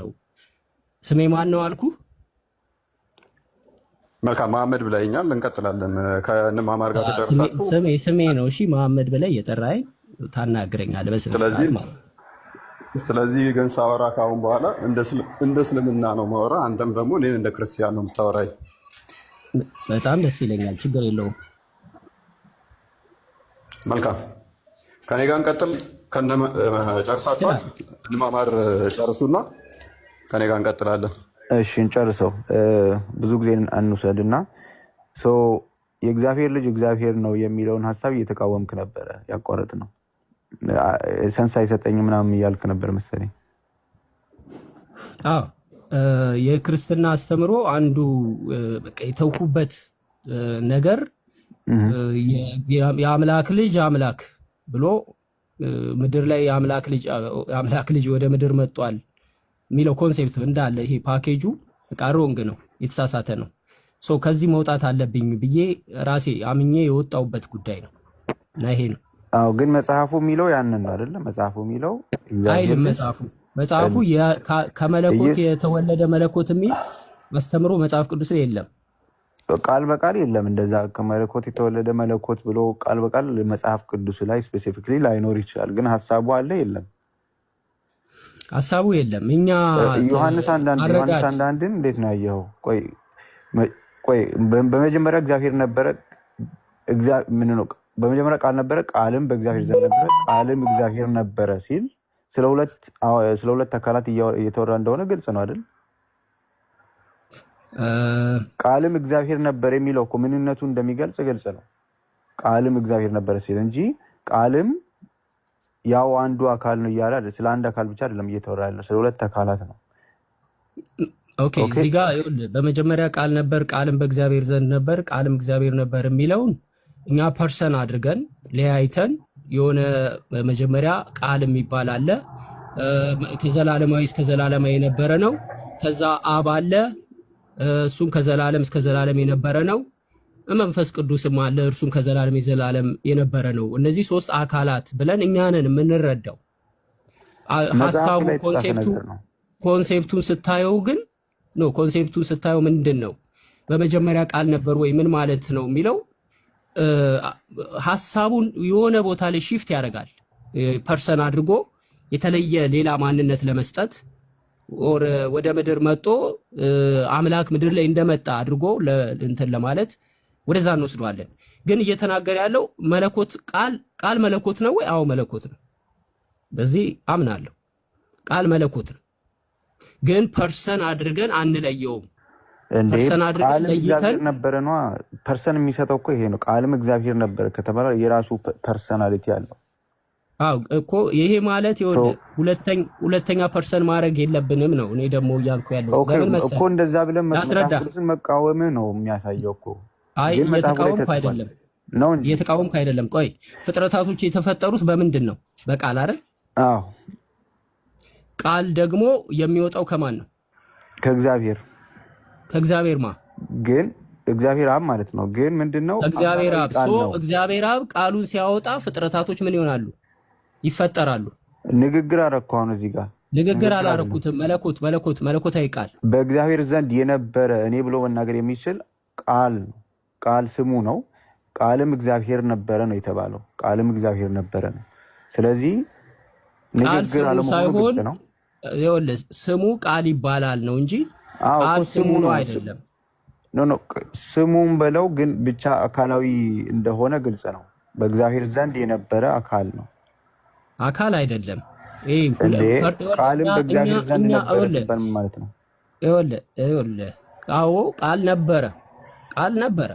ነው። ስሜ ማን ነው አልኩ። መልካም መሐመድ ብለኸኛል። እንቀጥላለን። ከንማማር ጋር ስሜ ነው። እሺ መሐመድ ብለህ እየጠራኸኝ ታናግረኛለህ በስለዚህ ስለዚህ ግን ሳወራ ካሁን በኋላ እንደ እስልምና ነው ማወራ፣ አንተም ደግሞ እኔን እንደ ክርስቲያን ነው የምታወራኝ። በጣም ደስ ይለኛል። ችግር የለውም። መልካም ከኔ ጋር እንቀጥል። ጨርሳችኋል? እንማማር ጨርሱና ከኔ ጋር እንቀጥላለን። እሺ እንጨርሰው፣ ብዙ ጊዜ አንውሰድ እና የእግዚአብሔር ልጅ እግዚአብሔር ነው የሚለውን ሀሳብ እየተቃወምክ ነበረ። ያቋረጥ ነው ሰንስ አይሰጠኝ ምናምን እያልክ ነበር መሰለኝ። የክርስትና አስተምሮ አንዱ በቃ የተውኩበት ነገር የአምላክ ልጅ አምላክ ብሎ ምድር ላይ የአምላክ ልጅ ወደ ምድር መጥቷል የሚለው ኮንሴፕት እንዳለ ይሄ ፓኬጁ እቃ ሮንግ ነው፣ የተሳሳተ ነው። ሶ ከዚህ መውጣት አለብኝ ብዬ ራሴ አምኜ የወጣውበት ጉዳይ ነው እና ይሄ ነው። አዎ ግን መጽሐፉ የሚለው ያንን ነው አይደለ? መጽሐፉ የሚለው አይልም። መጽሐፉ መጽሐፉ ከመለኮት የተወለደ መለኮት የሚል አስተምሮ መጽሐፍ ቅዱስ ላይ የለም። ቃል በቃል የለም። እንደዛ ከመለኮት የተወለደ መለኮት ብሎ ቃል በቃል መጽሐፍ ቅዱስ ላይ ስፔሲፊክሊ ላይኖር ይችላል፣ ግን ሀሳቡ አለ የለም ሀሳቡ የለም። እኛ ዮሐንስ አንዳንድን እንዴት ነው ያየኸው? ቆይ በመጀመሪያ እግዚአብሔር ነበረ፣ ምን ነው በመጀመሪያ ቃል ነበረ፣ ቃልም በእግዚአብሔር ዘንድ ነበረ፣ ቃልም እግዚአብሔር ነበረ ሲል ስለ ሁለት አካላት እየተወራ እንደሆነ ግልጽ ነው አይደል? ቃልም እግዚአብሔር ነበር የሚለው እኮ ምንነቱ እንደሚገልጽ ግልጽ ነው። ቃልም እግዚአብሔር ነበረ ሲል እንጂ ቃልም ያው አንዱ አካል ነው እያለ አይደል? ስለ አንድ አካል ብቻ አይደለም እየተወራ ያለው ስለ ሁለት አካላት ነው። ኦኬ እዚህ ጋር በመጀመሪያ ቃል ነበር፣ ቃልም በእግዚአብሔር ዘንድ ነበር፣ ቃልም እግዚአብሔር ነበር የሚለውን እኛ ፐርሰን አድርገን ለያይተን የሆነ መጀመሪያ ቃል የሚባል አለ፣ ከዘላለማዊ እስከ ዘላለማዊ የነበረ ነው። ከዛ አብ አለ፣ እሱም ከዘላለም እስከ ዘላለም የነበረ ነው። መንፈስ ቅዱስም አለ እርሱም ከዘላለም የዘላለም የነበረ ነው። እነዚህ ሶስት አካላት ብለን እኛንን የምንረዳው ሀሳቡ ኮንሴፕቱ ኮንሴፕቱን ስታየው ግን ነው። ኮንሴፕቱን ስታየው ምንድን ነው በመጀመሪያ ቃል ነበር ወይ ምን ማለት ነው የሚለው ሀሳቡን የሆነ ቦታ ላይ ሺፍት ያደርጋል። ፐርሰን አድርጎ የተለየ ሌላ ማንነት ለመስጠት ወደ ምድር መጦ አምላክ ምድር ላይ እንደመጣ አድርጎ እንትን ለማለት ወደዛ እንወስደዋለን። ግን እየተናገረ ያለው መለኮት ቃል ቃል መለኮት ነው ወይ? አዎ መለኮት ነው። በዚህ አምናለሁ። ቃል መለኮት ነው፣ ግን ፐርሰን አድርገን አንለየውም። ፐርሰን አድርገን ለይተን ነበረ ነዋ። ፐርሰን የሚሰጠው እኮ ይሄ ነው። ቃልም እግዚአብሔር ነበረ ከተባለ የራሱ ፐርሰናሊቲ አለው። አዎ እኮ ይሄ ማለት ሁለተኛ ፐርሰን ማድረግ የለብንም ነው። እኔ ደግሞ እያልኩ ያለው ለምን መሰለህ እኮ እንደዛ ብለን መቃወም ነው የሚያሳየው እኮ አይ እየተቃወምኩ አይደለም ነው እንጂ እየተቃወምኩ አይደለም። ቆይ ፍጥረታቶች የተፈጠሩት በምንድን ነው? በቃል አይደል? አዎ። ቃል ደግሞ የሚወጣው ከማን ነው? ከእግዚአብሔር። ከእግዚአብሔር ማ ግን እግዚአብሔር አብ ማለት ነው። ግን ምንድን ነው? እግዚአብሔር አብ ሶ እግዚአብሔር አብ ቃሉን ሲያወጣ ፍጥረታቶች ምን ይሆናሉ? ይፈጠራሉ። ንግግር አረኩ። አሁን እዚህ ጋር ንግግር አላረኩትም። መለኮት መለኮት መለኮታዊ ቃል በእግዚአብሔር ዘንድ የነበረ እኔ ብሎ መናገር የሚችል ቃል ነው። ቃል ስሙ ነው። ቃልም እግዚአብሔር ነበረ ነው የተባለው። ቃልም እግዚአብሔር ነበረ ነው። ስለዚህ ንግግር አለመሆኑ ግልጽ ነው። ስሙ ቃል ይባላል ነው እንጂ ቃል ስሙ ነው አይደለም። ስሙም በለው ግን ብቻ አካላዊ እንደሆነ ግልጽ ነው። በእግዚአብሔር ዘንድ የነበረ አካል ነው፣ አካል አይደለም። ቃልም በእግዚአብሔር ዘንድ ነበረ ሲባል ማለት ነው። አዎ ቃል ነበረ፣ ቃል ነበረ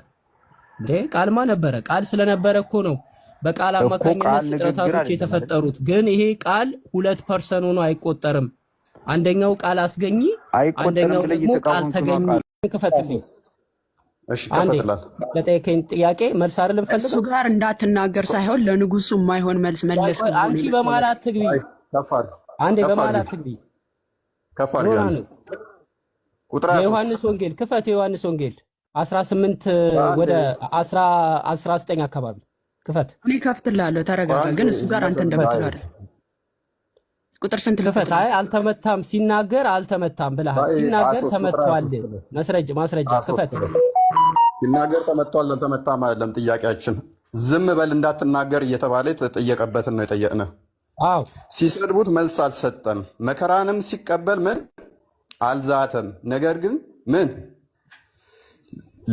እንዴ ቃልማ ነበረ። ቃል ስለነበረ እኮ ነው በቃል አማካኝነት ፍጥረታቶች የተፈጠሩት። ግን ይሄ ቃል ሁለት ፐርሰን ሆኖ አይቆጠርም። አንደኛው ቃል አስገኝ፣ አንደኛው ደግሞ ቃል ተገኝ። ክፈትልኝ ለጠየቀኝ ጥያቄ መልስ አይደለም ፈልግ እሱ ጋር እንዳትናገር ሳይሆን ለንጉሱ የማይሆን መልስ መለስ። አንቺ በመሀል አትግቢ፣ አንዴ በመሀል አትግቢ። ዮሐንስ ወንጌል ክፈት፣ የዮሐንስ ወንጌል አስራ ስምንት ወደ አስራ ዘጠኝ አካባቢ ክፈት። እኔ ከፍትልሃለሁ። ተረጋጋ። ግን እሱ ጋር አንተ እንደምትሏል ቁጥር ስንት ክፈት። አይ አልተመታም፣ ሲናገር አልተመታም ብለሃል። ሲናገር ተመቷል። ማስረጃ ክፈት። ሲናገር ተመቷል፣ አልተመታም አይደለም ጥያቄያችን። ዝም በል እንዳትናገር እየተባለ የተጠየቀበትን ነው የጠየቅነ። ሲሰድቡት መልስ አልሰጠም፣ መከራንም ሲቀበል ምን አልዛተም። ነገር ግን ምን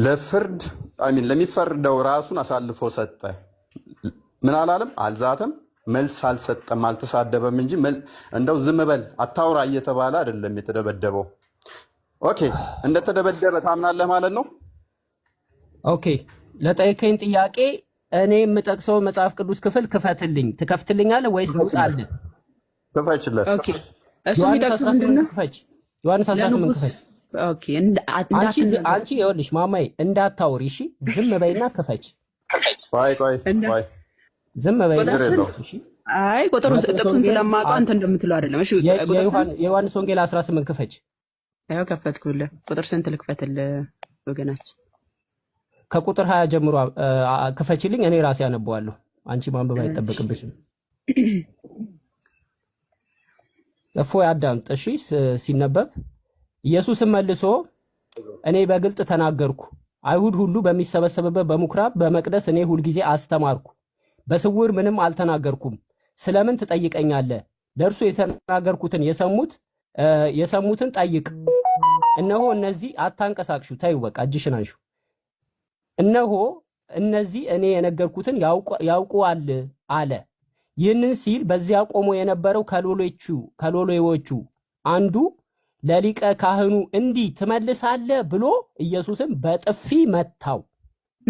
ለፍርድ ሚን ለሚፈርደው ራሱን አሳልፎ ሰጠ። ምን አላለም? አልዛተም፣ መልስ አልሰጠም፣ አልተሳደበም እንጂ እንደው ዝም በል አታውራ እየተባለ አይደለም የተደበደበው። ኦኬ፣ እንደተደበደበ ታምናለህ ማለት ነው። ኦኬ፣ ለጠይከኝ ጥያቄ እኔ የምጠቅሰው መጽሐፍ ቅዱስ ክፍል ክፈትልኝ፣ ትከፍትልኛለህ ወይስ ልውጣልህ? ክፈችለት። ዮሐንስ 18 ክፈች አንቺ ይኸውልሽ ማማዬ እንዳታውሪ እሺ። ዝም በይና ክፈች። ዝም በይና አይ ቁጥሩን ጥቅሱን ስለማውቀው አንተ እንደምትለው አይደለም። እሺ የዮሐንስ ወንጌል 18 ክፈች። ያው ከፈትኩልህ። ቁጥር ስንት ልክፈትልህ? ወገናችን ከቁጥር 20 ጀምሮ ክፈችልኝ። እኔ ራሴ አነበዋለሁ። አንቺ ማንበብ አይጠበቅብሽም። እፎ አዳምጥ እሺ ሲነበብ ኢየሱስም መልሶ እኔ በግልጥ ተናገርኩ። አይሁድ ሁሉ በሚሰበሰብበት በምኩራብ በመቅደስ እኔ ሁልጊዜ አስተማርኩ፣ በስውር ምንም አልተናገርኩም። ስለምን ትጠይቀኛለህ? ለእርሱ የተናገርኩትን የሰሙት የሰሙትን ጠይቅ። እነሆ እነዚህ አታንቀሳቅሹ፣ ተይው፣ በቃ እጅሽን አንሹ። እነሆ እነዚህ እኔ የነገርኩትን ያውቁዋል አለ። ይህንን ሲል በዚያ ቆሞ የነበረው ከሎሎዎቹ ከሎሎዎቹ አንዱ ለሊቀ ካህኑ እንዲህ ትመልሳለህ ብሎ ኢየሱስን በጥፊ መታው።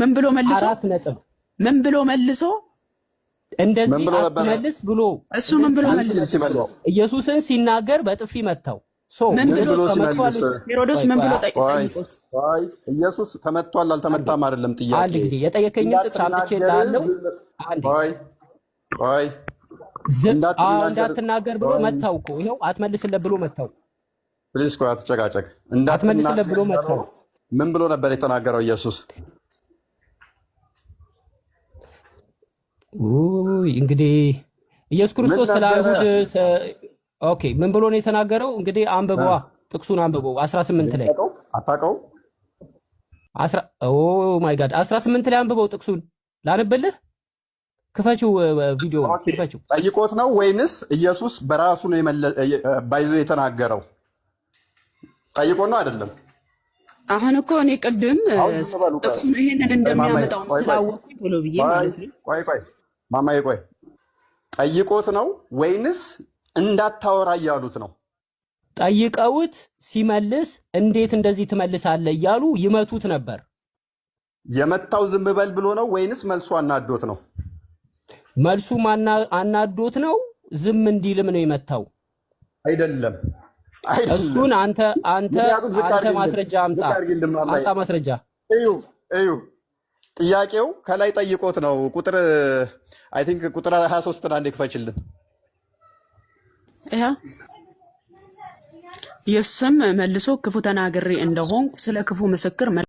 ምን ብሎ መልሶ አራት ነጥብ ምን ብሎ መልሶ እንደዚህ አትመልስ ብሎ እሱ ምን ብሎ መልሶ ኢየሱስን ሲናገር በጥፊ መታው። ምን ብሎ ሲመልስ ሄሮዶስ ምን ብሎ ጠይቆት? አይ ኢየሱስ ተመቷል አልተመታም አይደለም ጥያቄ። አንድ ጊዜ የጠየከኝ ጥቅስ አምጥቼ እልሃለሁ። አንድ አይ እንዳትናገር ብሎ መታው እኮ ይኸው አትመልስለት ብሎ መታው። ፕሊዝ ቆይ አትጨቃጨቅ፣ እንዳትመልስለት ብሎ መጣ። ምን ብሎ ነበር የተናገረው ኢየሱስ? እንግዲህ ኢየሱስ ክርስቶስ ስለ አይሁድ ኦኬ፣ ምን ብሎ ነው የተናገረው? እንግዲህ አንብቧ፣ ጥቅሱን አንብቦ 18 ላይ አታቀው ኦ ማይ ጋድ 18 ላይ አንብበው፣ ጥቅሱን ላንብልህ። ክፈችው፣ ቪዲዮ ክፈችው። ጠይቆት ነው ወይንስ ኢየሱስ በራሱ ነው ባይዞ የተናገረው? ጠይቆ ነው አይደለም? አሁን እኮ እኔ ቅድም ይሄንን እንደሚያመጣው ስላወቅኩኝ ብሎ ብዬ ማለት ነው። ቆይ ቆይ ማማዬ ቆይ ጠይቆት ነው ወይንስ እንዳታወራ እያሉት ነው? ጠይቀውት ሲመልስ እንዴት እንደዚህ ትመልሳለህ እያሉ ይመቱት ነበር። የመታው ዝም በል ብሎ ነው ወይንስ መልሱ አናዶት ነው? መልሱም አናዶት ነው። ዝም እንዲልም ነው የመታው አይደለም እሱን አንተ አንተ አንተ ማስረጃ አምጣ አምጣ ማስረጃ። እዩ እዩ ጥያቄው ከላይ ጠይቆት ነው። ቁጥር አይ ቲንክ ቁጥር 23 አንዴ ክፈችልን። ይሄ ኢየሱስም መልሶ ክፉ ተናግሬ እንደሆንኩ ስለ ክፉ ምስክር